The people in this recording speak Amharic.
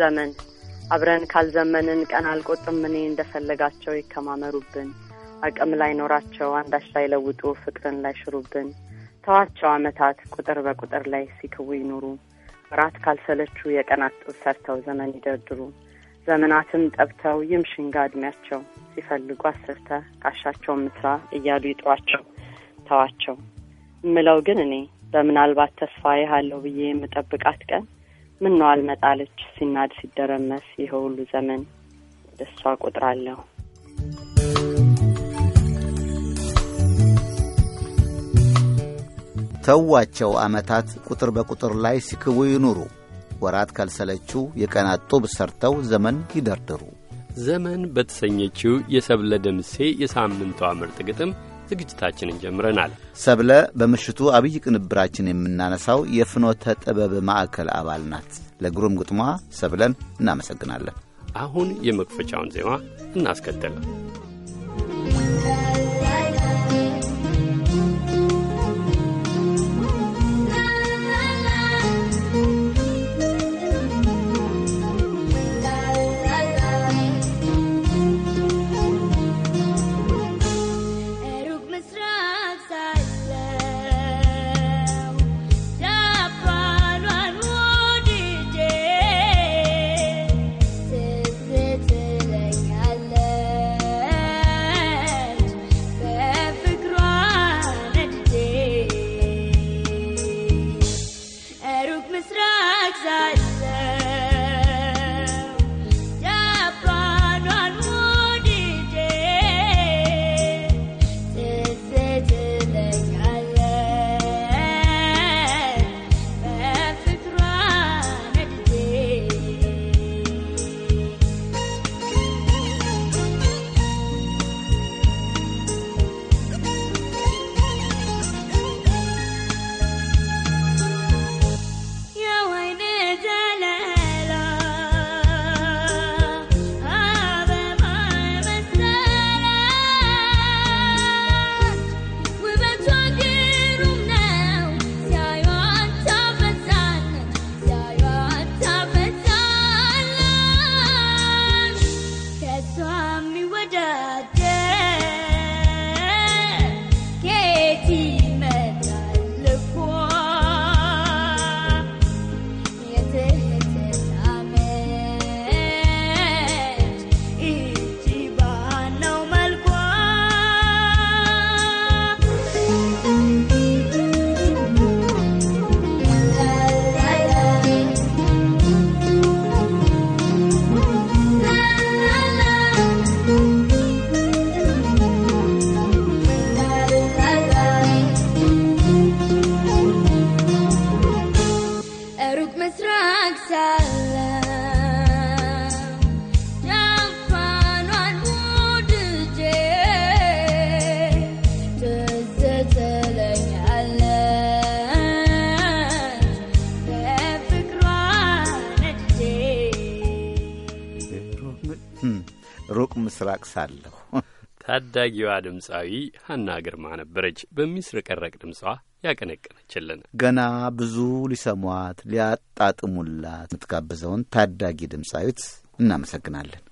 ዘመን አብረን ካልዘመንን ቀን አልቆጥም እኔ እንደፈለጋቸው ይከማመሩብን አቅም ላይ ኖራቸው አንዳች ላይ ለውጡ ፍቅርን ላይ ሽሩብን ተዋቸው አመታት ቁጥር በቁጥር ላይ ሲክቡ ይኑሩ ራት ካልሰለቹ የቀናት ጡብ ሰርተው ዘመን ይደርድሩ ዘመናትን ጠብተው ይምሽንጋ እድሜያቸው ሲፈልጉ አስርተ ካሻቸውን ምስራ እያሉ ይጥሯቸው ተዋቸው። እምለው ግን እኔ በምናልባት ተስፋ ይሃለው ብዬ የምጠብቃት ቀን ምን ነው አልመጣለች ሲናድ ሲደረመስ ይኸው ሁሉ ዘመን ደሷ ቆጥራለሁ። ተዋቸው ዓመታት ቁጥር በቁጥር ላይ ሲክቡ ይኑሩ። ወራት ካልሰለችው የቀናት ጡብ ሰርተው ዘመን ይደርድሩ። ዘመን በተሰኘችው የሰብለ ደምሴ የሳምንቷ ምርጥ ግጥም ዝግጅታችንን ጀምረናል። ሰብለ በምሽቱ አብይ ቅንብራችን የምናነሳው የፍኖተ ጥበብ ማዕከል አባል ናት። ለግሩም ግጥሟ ሰብለን እናመሰግናለን። አሁን የመክፈቻውን ዜማ እናስከተል። ሩቅ ምስራቅ ሳለሁ ታዳጊዋ ድምፃዊ ሀና ግርማ ነበረች በሚስረቀረቅ ድምጿ ያቀነቀነችልን። ገና ብዙ ሊሰሟት ሊያጣጥሙላት የምትጋብዘውን ታዳጊ ድምፃዊት እናመሰግናለን።